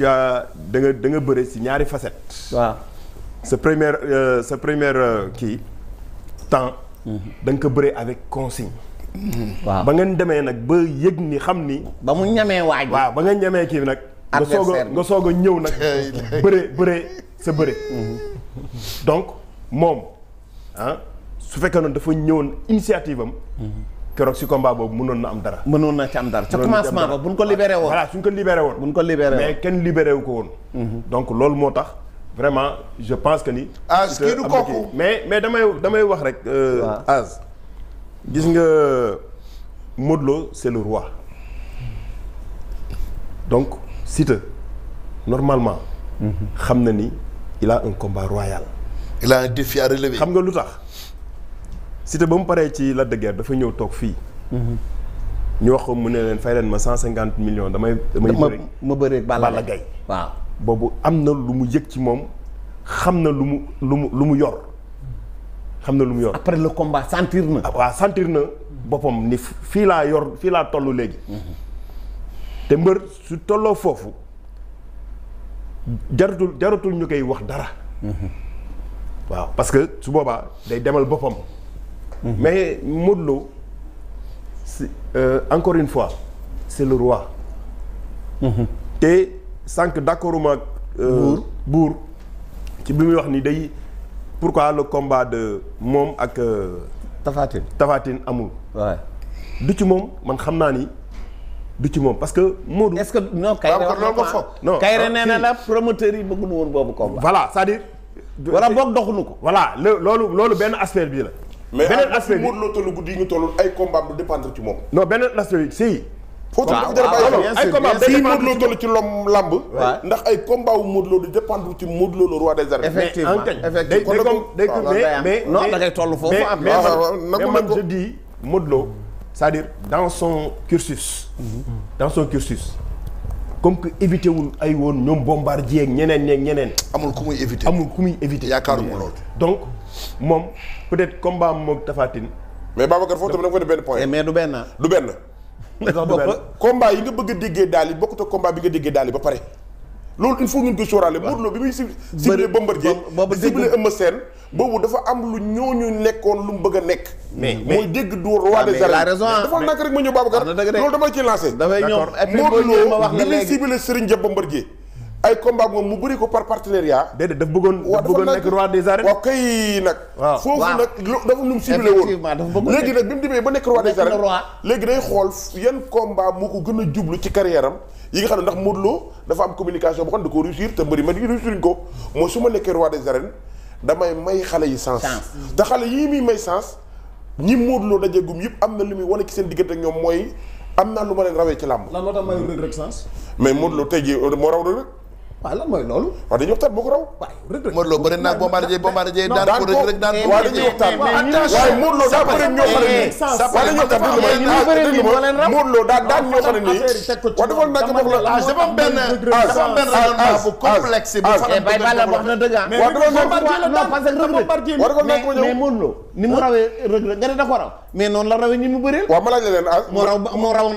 tu as da nga da bëre si ñaari facette. waaw sa première euh, sa première euh, kii temps. Mhm. da ko bëree avec consigne. Mhm. ba ngeen demee nag ba yëg ni xam ni. ba mu ñamee waaj. waaw ba nga ñamee kii nag. nga soog a nga soog a ñëw nag. bëree bëree sa bëree. Mhm. donc moom ah, su fekkee noonu dafa ñëw initiative am. keroog si combat boobu mënoon na am dara. mënoon na ci am dara ca commencement ba buñ ko libéré woon. voilà suñ ko libéré woon. buñ ko libéré woon mais kenn libéré wu ko woon. Mhm. donc loolu moo tax vraiment je pense que ni. ah kii du kooku mais mais damay damay wax rek. Euh, Az gis nga Modou Lo c'est le roi donc Siteu normalement. Mhm. xam na ni il a un combat royal. il a un défi à relever. xam nga lu tax. Siteu ba mu paree ci Lac de dafa ñëw toog fii. Mhm. ñu wax ko mu ne leen fay leen ma cent cinquante million damay. damay bëri ma bëri Balla Gaye waaw boobu am na lu mu yëg ci moom xam na lu mu lu mu lu mu yor xam na lu mu yor. après le combat sentir na. Ah, waa sentir na boppam ni fii laa yor fii laa tollu léegi. Mhm. te mbër su tolloo foofu jaratul jaratul ñu koy wax dara. Mhm. waaw parce que su boobaa day demal boppam. Mhm. mais Modou Lo euh, encore une fois c'est le roi mhm. te sànq d'accord ma euh, buur buur ci bi muy wax ni day pourquoi le combat de moom ak euh, Tafatine Tafatine amul du ci moom man xam naa ni du ci moom parce que Modou. est-ce que non Kayre wax nga ko non ah. Kayre nee na la promoteur yi bëgguñu woon boobu combat. voilà c'est-à-dire. wala boog doxuñu ko. voilà loolu loolu benn aspect bi la. beneen aspect bi mais Modou Lo tollu guddi yi ñu toll ay combat du dépendre ci moom. no beneen aspect bi si. waaw waaw bien sûr ay combat Modou ci lom lamb. ndax ay combat wu Modou Lo du dépendre ci Modou Lo le roi des arènes. effectivement effectivement day day mais mais non da ngay toll foofu am. mais ah, mais man je dis Modou Lo cest dans son cursus. Mhm. dans son cursus. comme que éviter wul ay woon ñoom bombardier ak ñeneen ñeeg ñeneen. amul ku muy éviter amul ku muy éviter. yaakaaruma loolu donc moom peut-être combat moog Tapha Tine. mais Babacar foofu tamit da koy def benn point. Eh, mais du benn. du benn. combat yi nga bëgg a déggee daal yi bokkut ak bi nga déggee daal yi ba pare. loolu il faut ngeen ko sóoraale. waaw Modou Lo bi muy ciblé Bombardier boobu ciblé Eumeu Sène boobu dafa am lu ñooñu nekkoon lu mu bëgg a nekk. mais mooy dégg du roi ah, des arènes. raison dafa nak rek ma ñëw Babacar. Ah, loolu dama la ciy moo dafay ñëw Modou Lo bi muy ciblé Serigne Dia ay combat moom mu bëri ko par partenariat. déedéet daf bëggoon daf bëggoon nekk nag. foofu nag dafa lu mu woon léegi nag bi mu demee ba nekk roi des arènes léegi day xool yan combat moo ko gën a jublu ci carrière am yi nga xam ne ndax Modou Lo dafa am communication boo xam ne da ko réussir te mbëri ma réussiruñ ko mooy su ma nekkee roi des arènes damay may xale yi sens. te xale yii muy may sance ñi Modou Lo dajeegum yëpp am na lu muy wane ci seen diggante ak ñoom mooy am naa lu ma leen rawee lan moo tax may mais Modou Lo tey jii moo raw rëg rëg waaw lan mooy loolu. waaw dañuy waxtaan moo ko raw. waaw Reug Reug Modou Lo bëri naa Bombardier ko Reug Reug daan ko waaye Modou Lo la âge dafa am raw mais noonu la rawee la leen âge ah. moo raw moo rawoon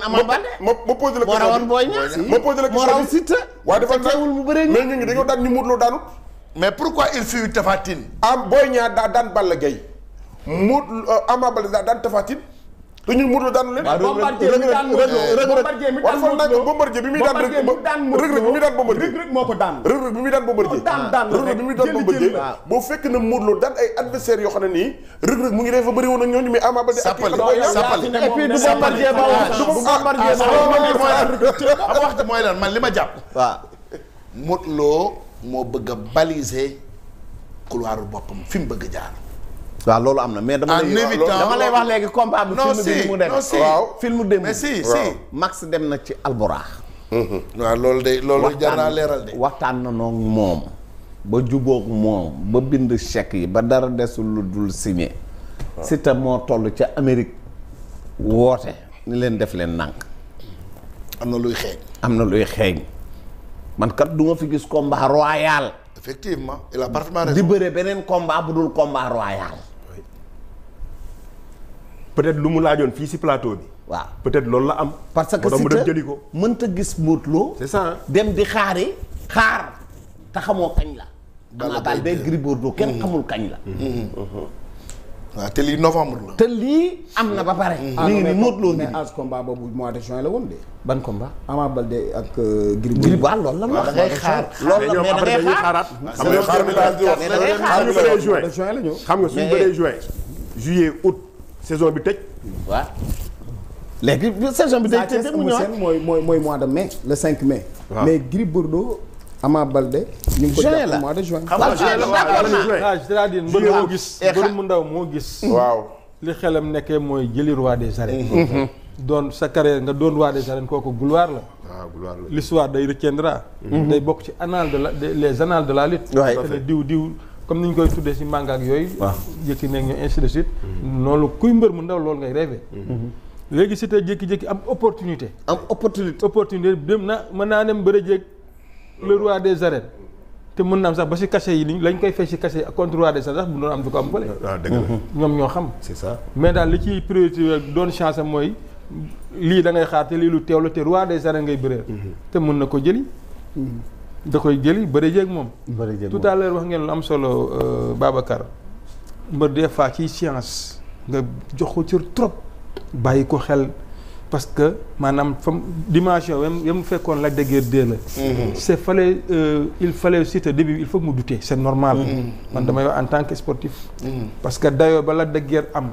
moo posé la question moo moo raw Siteu bëree mais ñu ngi dañoo daan ñu Modou Lo daanut. mais pourquoi il fuit Tapha Tine. am Boy Niang daan Balla Gaye. Modou Ama Baldé daan Tapha te ñun Modou Lo leen. Bombardier mi daan ko daan. bi muy daan Bombardier. boo fekk na Modou daan ay adversaires yoo xam ne nii Rëg Rëg mu ngi dafa bëri woon ak ñooñu mais Ama Baldé. Sappali Sappali du Bombardier man li ma jàpp. Modou moo bëgg a baliser couloiru boppam fi mu bëgg a jaar. waaw loolu am na mais dama lay dama lay wax léegi combat bi. non mu si waaw film démb mais si si. Max dem na ci Alboraax. Mm-hmm. waaw loolu de loolu jar naa leeral de. waxtaan na noog moom ba jubóog moom ba bind chèque yi ba dara desul lu dul signé. Siteu moo toll ca Amérique woote ni leen def leen nànk. am na luy xeeñ. am na luy xeeñ. man kat du ma fi gis combat royal. effectivement il di bëre beneen combat bu dul combat royal. peut-être lu mu laajoon fii si plateau bi. waaw peut-être loolu la am. parce que si dem jëli ko mënta gis Modou Lo. dem di xaari xaar te xamoo kañ la. Ama Baldé Gris Bordeaux kenn mm-hmm. xamul kañ la. Mm-hmm. Mm-hmm. waaw te lii novembre la. te lii am na ba pare. mi mm-hmm. ah, ngi nii Modou Lo ngi nii boobu mois de juin la woon de. ban combat. Ama Baldé ak euh, Gris. Gris waaw loolu la wax da ngay loolu la mais da ngay xaar xam nga xaar bi daal di wax xam la ñëw xam nga juin. juillet août saison bi tëj. waaw. léegi saison bi tëj tëj mu mois de mais le cinq mai. mais Gris Bordeaux Ama Balde. ñu ngi ko jàpp mois de juin. xam nga juin la waaw ah, c'est-à-dire mbër moo gis eh, mbër mu ndaw moo gis. waaw li xelam nekkee mooy jëli roi des arènes. Mm-hmm. Mm-hmm. doon sa carrière nga doon roi des arènes kooku gloire la. waaw ah, gloire la l'histoire day retiendra. Mm-hmm. day bokk ci annales de la les annales de la lutte. waay diw diw. comme ni ñu koy tuddee ci manga ak yooyu. waaw jëkki nekk ñu ainsi de suite. loolu kuy mbër mu ndaw loolu ngay rêvé. léegi si tey jékki-jékki am opportunité. am opportunité opportunité dem na mën naa dem bëre jékki. loolu roi de arènes. te mën na am sax ba si cachet yi lañ koy fay si cachet contre roi des arènes sax bu doon am du ko am fële. waaw ah, ah, dëgg la mhm. ñoom ñoo xam. c'est ça mais daal li ciy priorité doon chance am mooy lii da ngay xaar te lii lu teew la te roi des arènes ngay bëreel. Mhm. te mën na ko jëli. Mhm. da koy jëli bëri jéeg moom. bëri jéeg moom tout wax ngeen lu am solo euh, Babacar. mbër des fois ci science nga jox ko cër trop bàyyi ko xel. parce que maanaam fam dimension yam yam fekkoon Lac de Guiers 2 la mhm. c'est fallait euh, il fallait aussi te début il faut mu douter c'est normal mhm. man damay wax en tant que sportif mhm. parce que dayoo ba Lac de Guiers am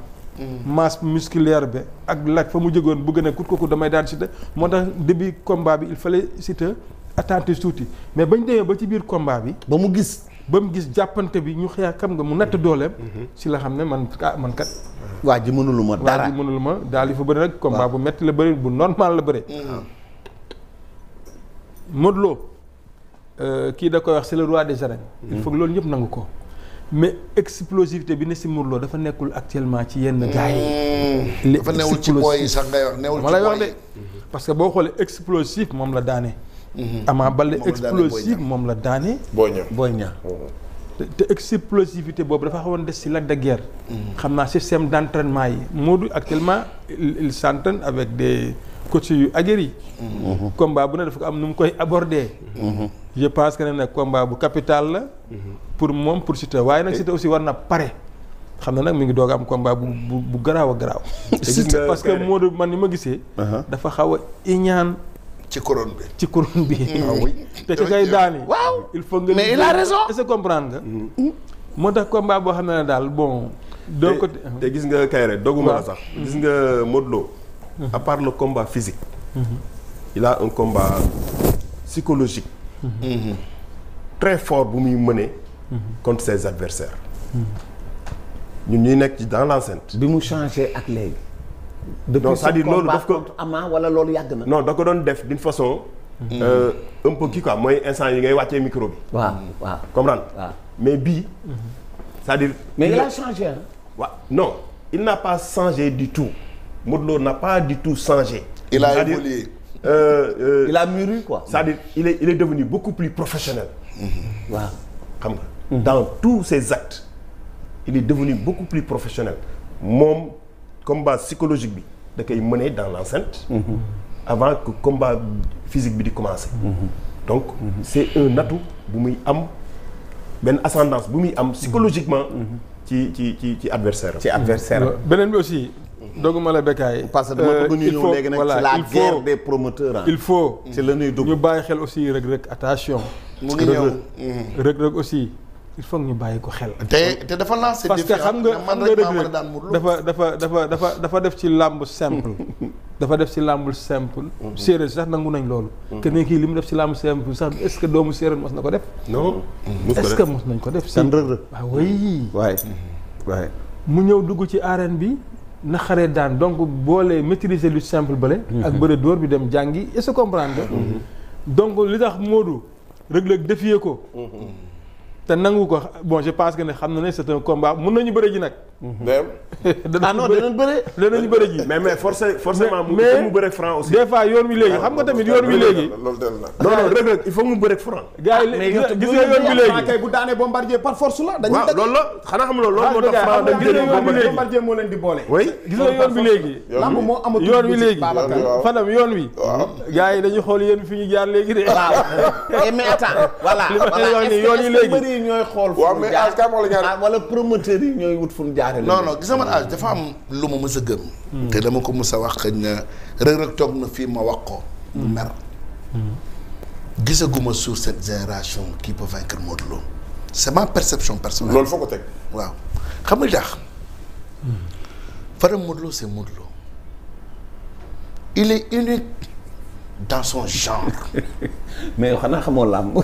masse musculaire bi ak Lac fa mu jógoon bëgg ne kut kooku damay daan Siteu moo tax début combat bi il fallait Siteu attentif tuuti mais bañ demee ba ci biir combat bi ba mu gis ba mu gis jàppante bi ñu xëy xam nga mu natt dooleem. si la xam ne man ah man kat. waa ji mënulu ma dara waa ji mënulu ma daal di fa bëri nag. combat bu metti la bëri bu normal la bëri. Mm-hmm. Modou Lo euh, kii da koy wax c'est le roi de arènes. il mm-hmm. loolu ñëpp nangu ko. mais explosivité bi ne si Modou dafa nekkul actuellement ci yenn gars yi. Mm-hmm. dafa newul ci booy yi sax ngay wax newul ci booy yi ma lay wax de que boo xoolee explosif moom la daanee Mhm. Ama Baldé explosif moom la daane Boy Niang Boy Niang mhm. te explosivité boobu dafa xawoon des ci Lac de mhm. xam naa système d'entraînement yi Modou actuellement il s'entraîne avec des coachs yu aguerris yi bu ne dafa ko am nu mu koy aborder je pense que ne nag combat bu capital la pour moom pour Siteu waaye nag Siteu aussi war na pare xam na nag mi ngi doog am combat bu bu bu garaaw a garaaw parce que Modou man ni ma gisee uh-huh. dafa xaw a iñaan ci couronne bi ci couronne bi. Ah te ki koy daani. waaw il faut nga. mais il a raison que comprendre nga. Mm. moo tax combat boo xam ne daal bon. donc te gis nga Kayre doguma la sax. gis nga Modou Lo. Mm-hmm. à part le combat physique. Mm-hmm. il a un combat psychologique. Mm-hmm. très fort bu muy mënee. contre ses adversaires ñun ñuy nekk ci dans l'enceinte. bi mu changé ak léegi. non c'est-à-dire loolu daf ko ama wala loolu yàgg na. non da ko doon def d'une façon. Hmm. Euh, un peu kii quoi mooy instant yi ngay wàccee micro bi. waa waaw comprendre. mais bii. c'est-à-dire. mais il a non il n'a pa changé du tout Modou Lo n'a pas du tout changé. il la évolué. Euh, euh, a mûri quoi. c'est-à-dire il est il beaucoup plus professionnel. Mm-hmm. xam nga. Mm-hmm. dans tous ses actes il est devenu beaucoup plus professionnel moom. combat psychologique bi da koy mener dans l'enceinte mhm. avant que combat physique bi di commencer mhm. donc mhm. c'est un atout bu muy am benn ascendance bu muy am psychologiquement ci ci ci ci adversaire ci adversaire beneen bi aussi doguma la Bécaye parce que dama euh, bëgg ñu ñëw léegi nag ci la guerre des il faut ci la dugg ñu bàyyi xel aussi Reug Reug attention mu ngi aussi il faut ñu bàyyi ko xel. te te dafa lancé parce que xam nga xam nga rek dafa dafa dafa dafa dafa def ci làmb simple. dafa def ci làmb simple. Mm-hmm. séeréer sax nangu nañ loolu. Mm-hmm. que ne kii li mu def ci làmb simple sax est ce que doomu séeréer mos na ko def. non mm-hmm. que mos nañ ko def. seen rëg rëg waaw mu ñëw dugg ci arène bi. na xare daan donc boolee maîtriser lu simple bële. ak bëre door bi dem jàngi est ce que comprendre nga. donc li tax Modou rëg rëg defiyee ko. te nangu ko bon je pense ne xam na ne c'est un mun nañu bëre ji nag Mhm. dégg nga. Ah non danañ bëre danañ bëre ji. mais mais forcé forcément mu mu bëre franc aussi. des fois yoon wi léegi ah, xam nga tamit yoon wi léegi. loolu de la non non Reug Reug il faut mu bëre franc. gars yi gis nga yoon wi léegi kay bu daanee bombardier par force la. dañuy daj waaw loolu la xanaa xam loolu ah, moo tax. waaw gis nga yoon bi léegi bombardier moo leen di boole. oui gis nga yoon bi léegi. lamb moo amatul yoon wi léegi fanam yoon wi. waaw gars yi dañuy xool yéen fi ñu jaar léegi de. waaw eh, mais attends voilà. li ma yoon yi léegi. est-ce que mbër yi ñooy xool fu ñu jaar wala promoteur yi ñooy wut fu ñu jaar préparé. non non gis ah, dafa am lu ma mës a gëm. Hmm. te dama ko mës a wax xëy na Reug Reug toog na fii ma wax ko. Hmm. mer. Hmm. gisaguma sur cette génération qui peut vaincre Modou Lo. c'est loolu foo ko teg waaw. xam nga li tax. Fara Modou Lo il est unique dans son genre. mais xanaa xamoo làmb.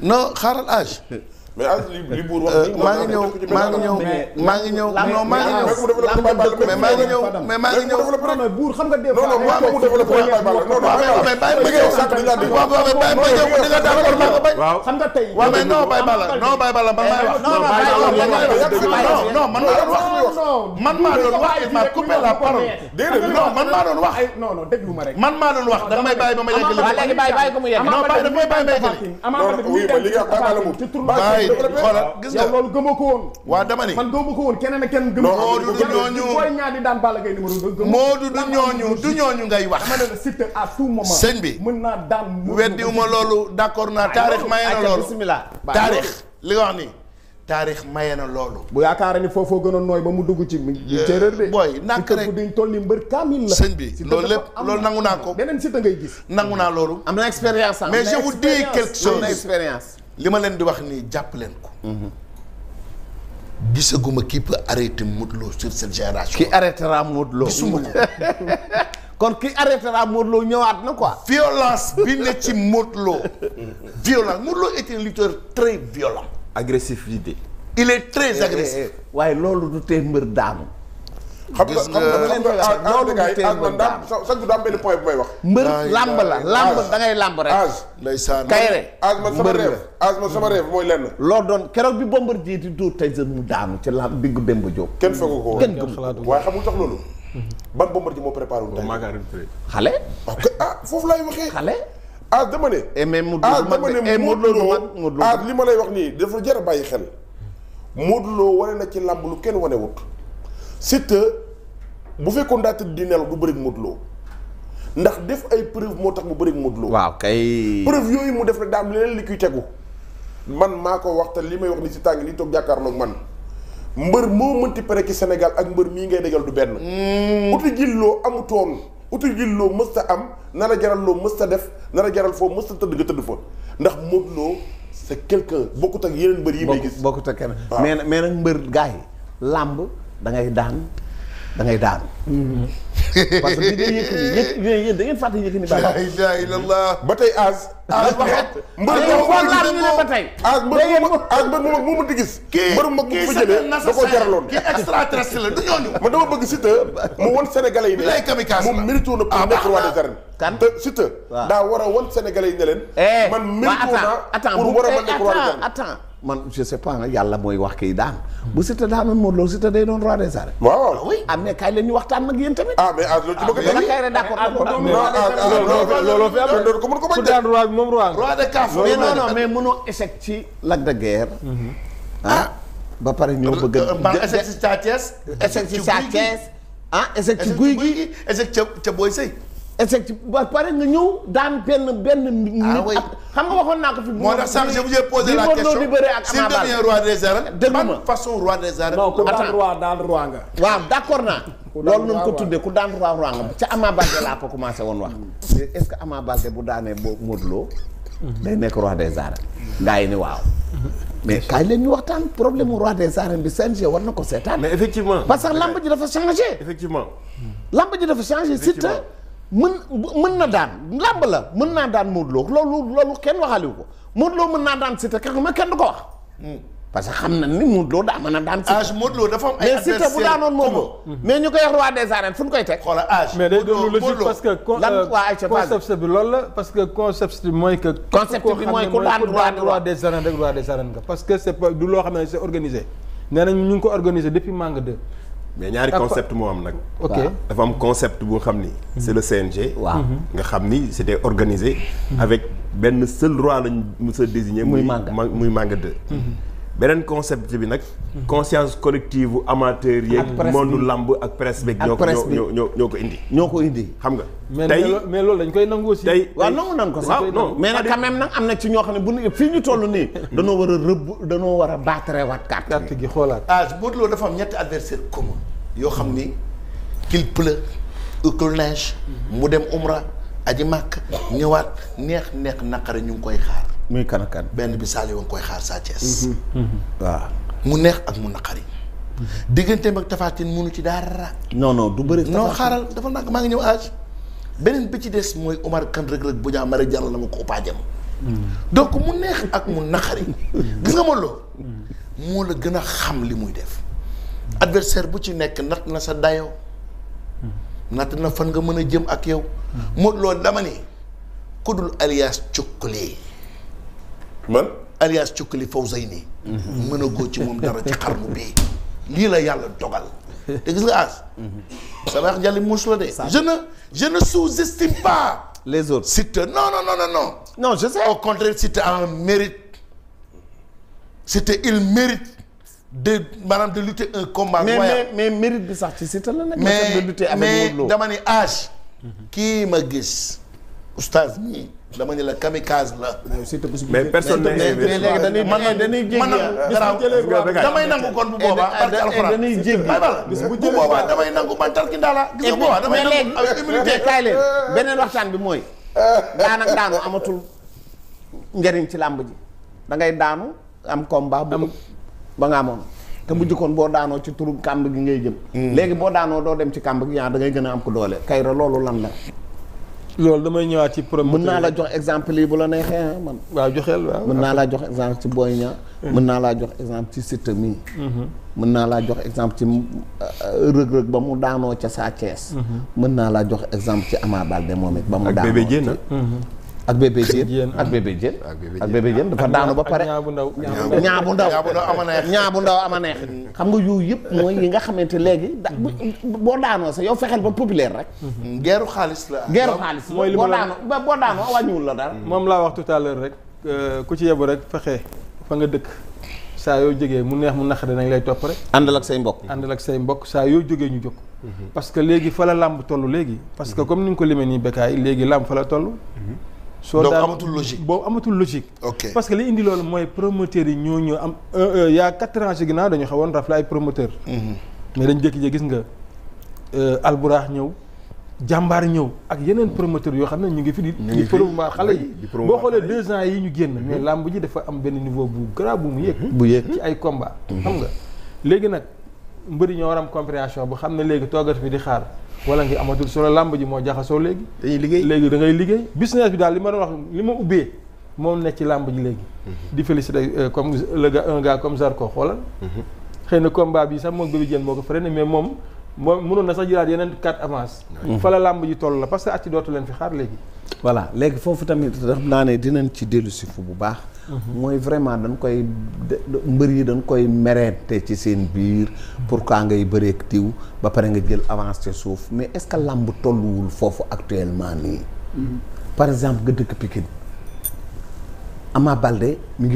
non xaaral âge. mais as li li buur wax maa ngi ñëw maa ngi ñëw maa ngi ñëw non maa ngi ñëw mais maa ngi ñëw mais maa ngi ñëw mais buur xam nga def non non maa mu développé baay baal non non mais baay bëggee sax di nga di waaw mais baay bëggee ko di nga d'accord maa ko bañ xam nga tey waaw mais non baay baal non baay baal man maa wax non baay baal non man maa doon wax man maa doon wax il m'a coupé la parole déedéet non man maa doon wax non non déglu ma rek man maa doon wax da may bàyyi ba ma yegg li non baay da may bàyyi ba yegg li non oui li nga baay baal mu yi xoolal gis nga loolu gëma ko woon waaw dama ni man gëma ko woon keneen ak keneen gëma ko woon du ñooñu booy du ñooñu du ñooñu ngay wax dama la Siteu à tout moment sëñ bi mën naa daan weddiwuma loolu d'accord naa taarix maye na loolu taarix li wax nii taarix maye na loolu bu yaakaara ni foofoo gënoon nooy ba mu dugg ci céréer de booy nàkk rek duñ toll ni mbër kaamil la sëñ bi loolu lépp loolu nangu naa ko beneen Siteu ngay gis nangu naa loolu na expérience mais je vous quelque chose expérience li ma leen di wax nii jàpp leen ko. Mhm. gisaguma qui peut arrêter Modou Lo sur cette génération. qui arrêtera Modou Lo gisuma ko. kon qui arrêtera Modou ñëwaat na ko violence bi ne si Modou Lo. violence Modou Lo est un lutteur très violent. agressivité. il est très eh, eh, agressif. Eh. waaye loolu du tee mbër daanu. xam nga xam nga xam nga gars yi ah man daal sax du am benn point bu may wax. mbër làmb la làmb da ngay làmb rek. âge ndeysaan kayre âge man sama rêve âge man sama rêve mooy lenn. loo doon keroog bi Bombardier di dóor tey jii mu daanu ci làmb diggu Demba Diop. kenn fekk ko kenn gëm waaye xamul sax loolu. ban Bombardier moo préparé wu. tey xale. ah foofu laay waxee. xale. âge dama ne. et eh, même eh, Modou Lo man li ma lay wax nii dafa jar a bàyyi xel. Modou Lo wane na ci làmb lu kenn wane wut Siteu bu fekkoon daa tëdd di nelaw du bëri Modou ndax def ay preuve moo tax mu bëri Modou Lo. kay. preuve yooyu mu def rek daa am li kuy tegu man maa ko wax te li may wax ni si tàng li toog jàkkaarloog man mbër moo mënti pare ci Sénégal ak mbër mii ngay dégal du benn. Hmm. uti jilloo amutoon uti jilloo mës am nar a jaral loo mës def nar a jaral foo mës ta tëdd nga ndax Modou Lo c'est quelqu'un ak yeneen mbër yi. may gis bokkut ak kenn mais nag mbër gars yi làmb. da ngay daan da ngay daan. Mm-hmm. parce que bi ngay yëkkati yëkkati da ngeen la ilaha illallah ba tey as. as waxet mbër mu mag mu mënti gis mbër mu mag mu fa jëlee da koo jaraloon kii extraterrestre la du ñooñu ma dama bëgg Siteu mu won sénégalais yi ne moom mérite na pour nekk roi des arènes kan te Siteu daa war a won sénégalais yi ne leen man mérite naa pour war a mën nekk roi des arènes attends man je sais pas yàlla mooy wax kii daan bu Siteu daanoon Modou Lo Siteu day doon roi des arènes. waaw oui ah mais kaay la ñu waxtaan ak yéen tamit. ah mais ah loolu ci bëgg a. ah mais ah loolu d'accord loolu fi am. loolu ko mën ko bañ bi moom roi roi de Kaaf mais non non ci Lac mhm. ah, ba pare ñoo bëgg a. maanaam euh, euh, échec ci Sa Thiès. échec ci Sa Thiès ci guy gi ah, échec ca ca Boy Sey. effectivement ba pare nga ñëw daan benn benn. ah xam nga waxoon naa ko fi. moo tax sànq je vous ai posé la question ak Ama nga. waaw naa. ko tuddee ku daan roi roi laa ko commencé woon wax. est ce que Ama Baldé bu daanee boo Modou Lo. day nekk roi des arènes. gars ñu waxtaan problème mu roi des arènes bi CNG war na ko seetaan. mais effectivement parce que lamb ji dafa changé. effectivement lamb ji dafa changé. effectivement mën mën na daan làmb la mën naa daan Modou Lo loolu loolu kenn waxaliwu ko Modou Lo naa daan Siteu ma kenn du ko wax. Hmm. parce que xam na ni Modou daa mën a daan. âge ah, Modou Lo dafa mais Siteu bu daanoon Modou Lo hmm. ñu koy wax roi des arènes fu koy teg. xoolal âge ah, mais day doon logique parce que. lan euh, waa concept bi loolu la parce que concept bi mooy que. daan roi des arènes rek roi des arènes nga parce que c'est pas du loo xam ne c'est organisé nee nañ ñu ngi ko organisé depuis mais ñaari concept moo am nag. ok dafa am concept boo xam ni. c'est le CNG. waaw mhm. nga xam ni c'était organiser mhm. avec benn seul roi lañ mës a désigné. muy Manga muy Manga 2. beneen concept bi nag. conscience collective amateur yeeg. ak presse monde lamb ak presse beeg. ak presse bi ñoo ñoo ñoo ko indi. ñoo ko indi xam nga. tey mais loolu dañ koy nangu aussi. tey waaw nangu nan ko sax. non mais nag quand même nag am na ci ñoo xam ne bu ñu fii ñu toll nii. danoo war a rëbb danoo war a baatare waat carte. carte gi xoolaat. ah Modou Lo dafa am ñetti adversaire commun yoo xam ni qu'il pleut ou qu'il neige mu dem Umra aji màkk ñëwaat neex neex naqare ñu ngi koy xaar. muy kan ak benn bi Saliou a koy xaar Sa Thiès. Mhm. Mhm. waa mu neex ak mu naqari. Mhm. digganteem ak Tapha Tine munu ci dara. non non du bëri. non xaaral dafa nag maa ngi ñëw âge. beneen bi ci des mooy Omar Kane Reug Reug bu jaa mara jàll la ma ko opaajam. donc mu neex ak mu naqari. gis nga Modou Lo. moo la gën a xam li muy def. adversaire bu ci nekk natt na sa dayoo. natt na fon nga mën a jëm ak yow. Modou lool dama ni ku dul alias man alias cukkali Fawzayni mën a góor ci moom dara ci xarnu bii lii la yàlla dogal te gis nga as Sabax Jali muus la de je ne je ne sous-estime pas les autres Siteu non non non non non non je sais au contraire Siteu a mérite Siteu il mérite de maanaam de lutter un combat mais mais mais mérite bi sax ci Siteu la nag mais de lutter avec mais dama ni âge kii ma gis oustaz mii dama ne la kamikaze la. mais personne mais léegi dañuy jéggi man damay nangu kon bu boobaa. barke alxuraan dañuy jéggi bu boobaa damay nangu man tarki ndaala. gis nga bu boobaa damay nangu ak humilité kaay leen beneen waxtaan bi mooy. daan ak daanu amatul njëriñ ci làmb ji da ngay daanu am combat bu ba nga amoon. te bu jëkkoon boo daanoo ci turu kàmb gi ngay jëm. Hmm. léegi boo daanoo doo dem ci kàmb gi yaa ah, da ngay gën a am ko doole. kayra loolu lan la. loolu damay ñëwaat ci promoteur mën naa la jox exemple yi bu la neexee ah man. waaw joxeel waaw naa laa jox exemple ci Boy Niang. mën naa laa jox exemple ci Siteu mii. Mm-hmm. mën naa laa jox exemple ci euh, rëg-rëg ba mu daanoo ca Sa Thiès. Mm-hmm. mën naa laa jox exemple ci Ama Baldé moom it ba mu daanoo ak Bébé Diène ah. mm-hmm. ak bébé Diène ak bébé Diène ak bébé Diène dafa daanu ba pare ñaabu ndaw ñaabu ndaw ñaabu ndaw ama neex xam nga yooyu yëpp mooy yi nga xamante léegi da boo daanoo sax yow fexeel ba populaire rek mm-hmm. geeru xaalis la geeru xaalis mooy li ma la daanoo boo daanoo wàññiwul la dara moom laa wax tout à l'heure rek euh, ku ci yebu rek fexe fa nga dëkk saa yoo jógee mu neex mu naqare nañ lay topp rek àndal ak say mbokk àndal ak say mbokk saa yoo jógee ñu jóg mm-hmm. parce que léegi fa que comme ni nga ko limee nii bekkaay léegi la toll mm-hmm. soo daan boo logique boobu amatul logique. ok que li indi loolu mooy promoteurs yi ñoo ñoo am euh, euh, y' a quatre ans ci ginnaaw dañu xawoon rafetlu ay promoteur mhm. mais dañ jékki-jékki gis nga euh, Alburax ñëw. jàmbaar ñëw ak yeneen promoteur yoo xam ne ñu ngi fi di. di promouvoir xale yi boo xoolee deux ans yi ñu génn. mais mhm. làmb ji dafa am benn niveau bu grave bu mu yéeg. Mhm. bu yéeg ci ay combat xam nga léegi nag mbëri ñoo war am compréhension bu xam ne léegi toogat fi di xaar. wala nga amatul solo làmb ji moo jaxasoo léegi. dañuy liggéey léegi da ngay liggéey. business bi daal li ma doon wax li ma ubbee moom nekk ci làmb ji léegi. Mhm. di féliciter euh, comme le gars un gars comme Zarko xoolal. Mhm. xëy na combat bi sax moom Bébé Diène moo ko freiné mais moom moom mënoon na sax jëlaat yeneen quatre avance. fa la làmb ji toll la parce que at ci dootu leen fi xaar léegi. voilà léegi foofu tamit daf naa ne dinañ ci dellu si fu bu baax. Mhm. mooy vraiment dañ koy mbër yi dañ koy mereet te ci seen biir. pour pourquoi ngay bëreek tiw ba pare nga jël avance ci suuf mais est-ce que làmb tolluwul foofu actuellement nii. Mhm. par exemple nga dëkk Pikine Ama Balde mi ngi.